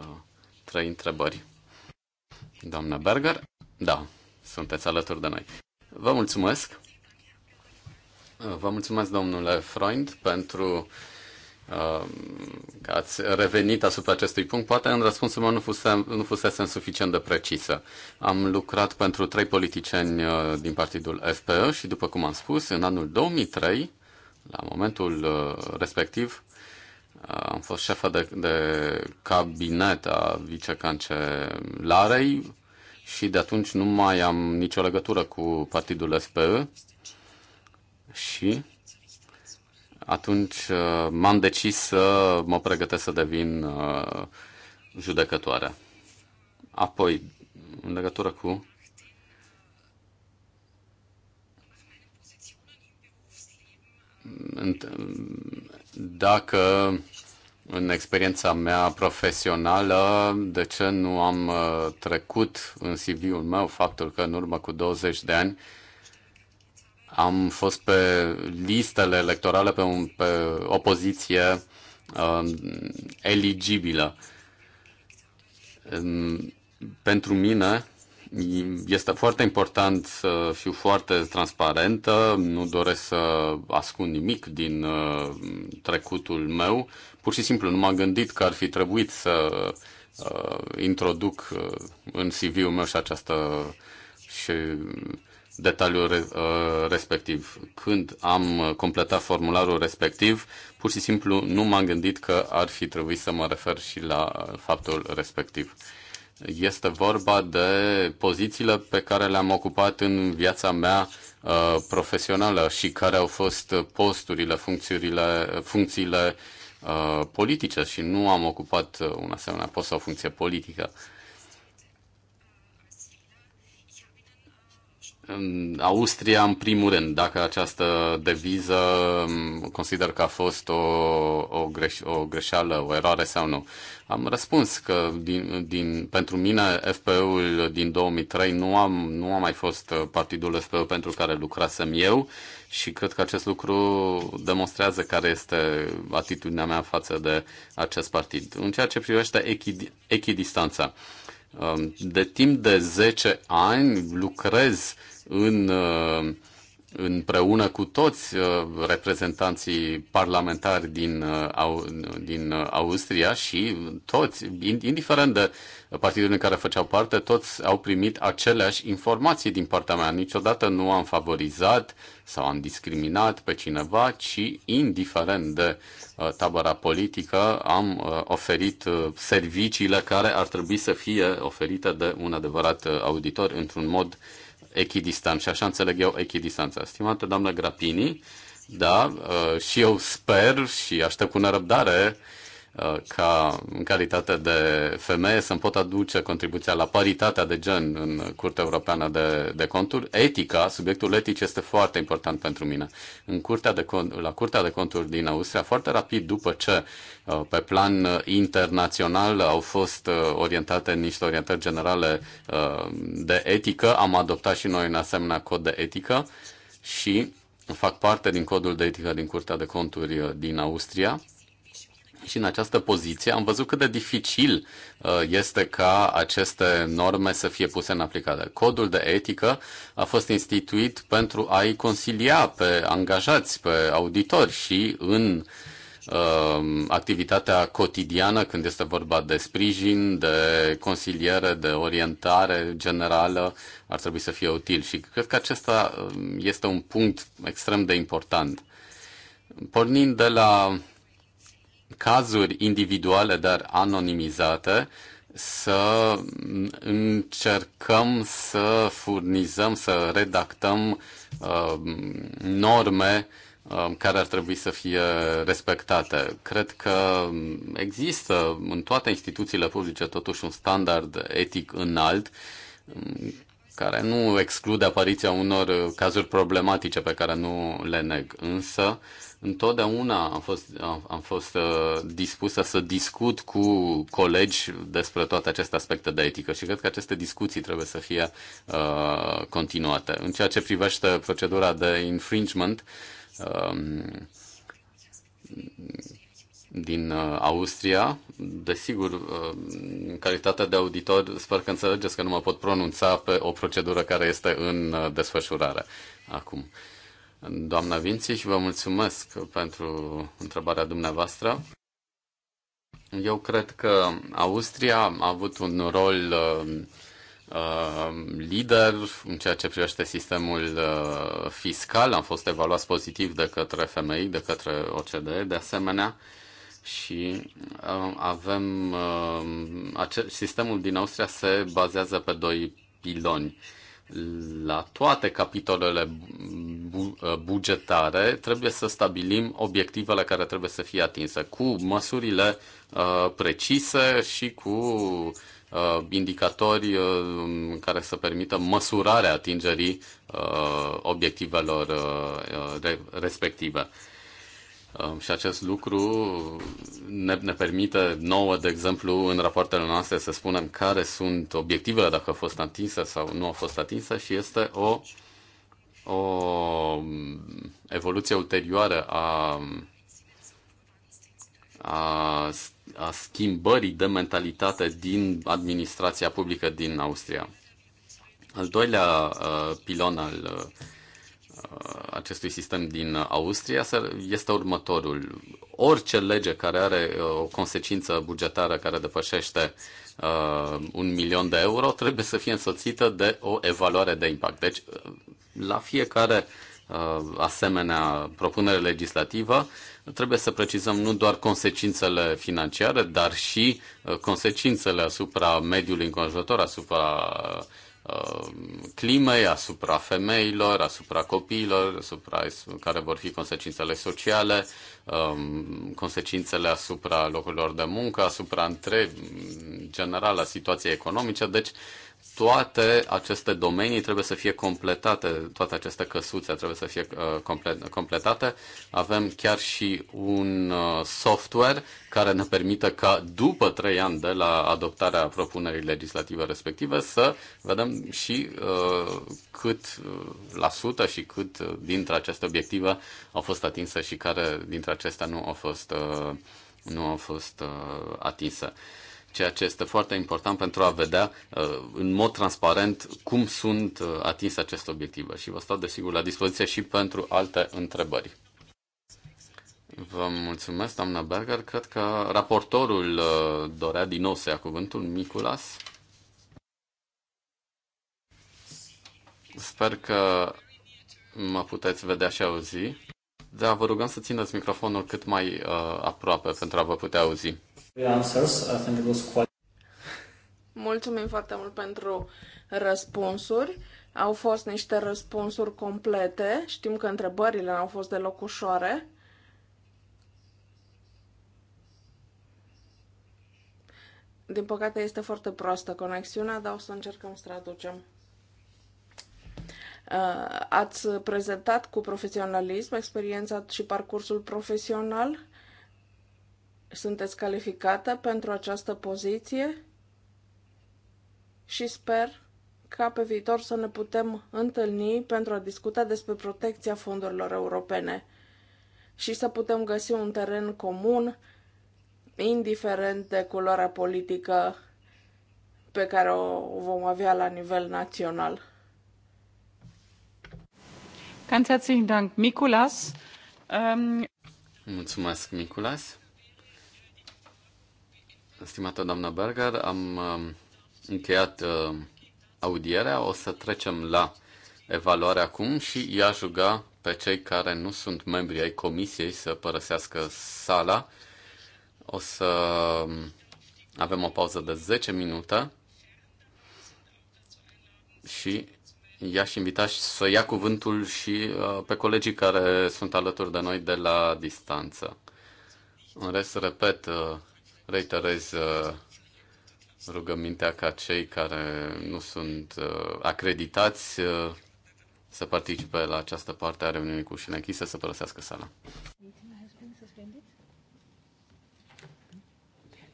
trei întrebări. Doamna Berger? Da, sunteți alături de noi. Vă mulțumesc! Uh, vă mulțumesc, domnule Freund, pentru uh, că ați revenit asupra acestui punct. Poate în răspunsul meu nu, fusese nu fusesem suficient de precisă. Am lucrat pentru trei politicieni uh, din partidul FPE și, după cum am spus, în anul 2003 la momentul uh, respectiv uh, am fost șefă de, de cabinet a vicecancelarei și de atunci nu mai am nicio legătură cu partidul SPE și atunci uh, m-am decis să mă pregătesc să devin judecătoare. Apoi, în legătură cu dacă în experiența mea profesională, de ce nu am uh, trecut în CV-ul meu faptul că în urmă cu 20 de ani am fost pe listele electorale pe, un, pe o poziție uh, um, eligibilă. Pentru mine, este foarte important să fiu foarte transparentă, nu doresc să ascund nimic din uh, trecutul meu. Pur și simplu nu m-am gândit că ar fi trebuit să uh, introduc uh, în CV-ul meu și această și detaliul respectiv. Când am completat formularul respectiv, pur și simplu nu m-am gândit că ar fi trebuit să mă refer și la faptul respectiv. Este vorba de pozițiile pe care le-am ocupat în viața mea uh, profesională și care au fost posturile, funcțiile, funcțiile uh, politice și nu am ocupat uh, un asemenea post sau funcție politică. Uh, Austria, în primul rând, dacă această deviză consider că a fost o, o, greș, o greșeală, o eroare sau nu. Am răspuns că din, din, pentru mine fpu ul din 2003 nu, am, nu a mai fost partidul FPU pentru care lucrasem eu și cred că acest lucru demonstrează care este atitudinea mea față de acest partid. În ceea ce privește echidistanța. Echi Um, de timp de 10 ani lucrez în uh, împreună cu toți uh, reprezentanții parlamentari din, uh, din uh, Austria și toți, indiferent de partidul în care făceau parte, toți au primit aceleași informații din partea mea. Niciodată nu am favorizat sau am discriminat pe cineva, ci indiferent de tabăra politică am oferit serviciile care ar trebui să fie oferite de un adevărat auditor într-un mod echidistant și așa înțeleg eu echidistanța. Stimată doamnă Grapini, da, uh, și eu sper și aștept cu nerăbdare Uh, ca în calitate de femeie să-mi pot aduce contribuția la paritatea de gen în Curtea Europeană de, de Conturi. Etica, subiectul etic este foarte important pentru mine. În curtea de, la Curtea de Conturi din Austria, foarte rapid după ce uh, pe plan uh, internațional au fost orientate niște orientări generale de etică, am adoptat și noi un asemenea cod de etică și fac parte din codul de etică din Curtea de Conturi din Austria și în această poziție am văzut cât de dificil uh, este ca aceste norme să fie puse în aplicare. Codul de etică a fost instituit pentru a-i consilia pe angajați, pe auditori și în uh, activitatea cotidiană când este vorba de sprijin, de consiliere, de orientare generală ar trebui să fie util și cred că acesta uh, este un punct extrem de important. Pornind de la cazuri individuale, dar anonimizate, să încercăm să furnizăm, să redactăm uh, norme uh, care ar trebui să fie respectate. Cred că există în toate instituțiile publice totuși un standard etic înalt care nu exclude apariția unor uh, cazuri problematice pe care nu le neg, însă întotdeauna am fost, am, fost uh, dispusă să discut cu colegi despre toate aceste aspecte de etică și cred că aceste discuții trebuie să fie uh, continuate. În ceea ce privește procedura de infringement, uh, din uh, Austria. Desigur, uh, în calitate de auditor, sper că înțelegeți că nu mă pot pronunța pe o procedură care este în uh, desfășurare acum. Doamna Vinții, vă mulțumesc pentru întrebarea dumneavoastră. Eu cred că Austria a avut un rol lider în ceea ce privește sistemul fiscal. Am fost evaluat pozitiv de către FMI, de către OCDE, de asemenea și uh, avem uh, ace- sistemul din Austria se bazează pe doi piloni. La toate capitolele bu- uh, bugetare trebuie să stabilim obiectivele care trebuie să fie atinse cu măsurile uh, precise și cu uh, indicatori uh, care să permită măsurarea atingerii uh, obiectivelor uh, uh respective Um, și acest lucru ne, ne permite nouă, de exemplu, în rapoartele noastre să spunem care sunt obiectivele, dacă au fost atinse sau nu au fost atinse și este o, o evoluție ulterioară a, a, a schimbării de mentalitate din administrația publică din Austria. Al doilea uh, pilon al uh, Uh, acestui sistem din Austria este următorul. Orice lege care are uh, o consecință bugetară care depășește uh, un milion de euro trebuie să fie însoțită de o evaluare de impact. Deci, uh, la fiecare uh, asemenea propunere legislativă trebuie să precizăm nu doar consecințele financiare, dar și uh, consecințele asupra mediului înconjurător, asupra uh, Uh, climei, asupra femeilor, asupra copiilor, asupra care vor fi consecințele sociale, um, consecințele asupra locurilor de muncă, asupra întreg general a situației economice. Deci toate aceste domenii trebuie să fie completate, toate aceste căsuțe trebuie să fie uh, completate. Avem chiar și un uh, software care ne permite ca după trei ani de la adoptarea propunerii legislative respective să vedem și uh, cât uh, la sută și cât dintre aceste obiective au fost atinse și care dintre acestea nu au fost, uh, nu au fost uh, atinse. Uh, ceea ce este foarte important pentru a vedea uh, în mod transparent cum sunt uh, atinse aceste obiective. Și vă stau desigur la dispoziție și pentru alte întrebări. Vă mulțumesc, doamna Berger. Cred că raportorul uh, dorea din nou să ia cuvântul, Miculas. Sper că mă puteți vedea și auzi. Da, vă rugăm să țineți microfonul cât mai uh, aproape pentru a vă putea auzi. Mulțumim foarte mult pentru răspunsuri. Au fost niște răspunsuri complete. Știm că întrebările au fost deloc ușoare. Din păcate este foarte proastă conexiunea, dar o să încercăm să traducem. Uh, ați prezentat cu profesionalism experiența și parcursul profesional sunteți calificată pentru această poziție și sper ca pe viitor să ne putem întâlni pentru a discuta despre protecția fondurilor europene și să putem găsi un teren comun, indiferent de culoarea politică pe care o vom avea la nivel național. Ganz herzlichen Dank, Mikulas. Ähm, Mulțumesc, Mikulas. Stimată doamnă Berger, am um, încheiat um, audierea, o să trecem la evaluare acum și i juga pe cei care nu sunt membri ai comisiei să părăsească sala. O să um, avem o pauză de 10 minute și i-aș invita să ia cuvântul și uh, pe colegii care sunt alături de noi de la distanță. În rest, repet, uh, reiterez uh, rugămintea ca cei care nu sunt uh, acreditați uh, să participe la această parte a reuniunii cu ușile închisă să părăsească sala.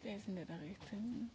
Wer ist der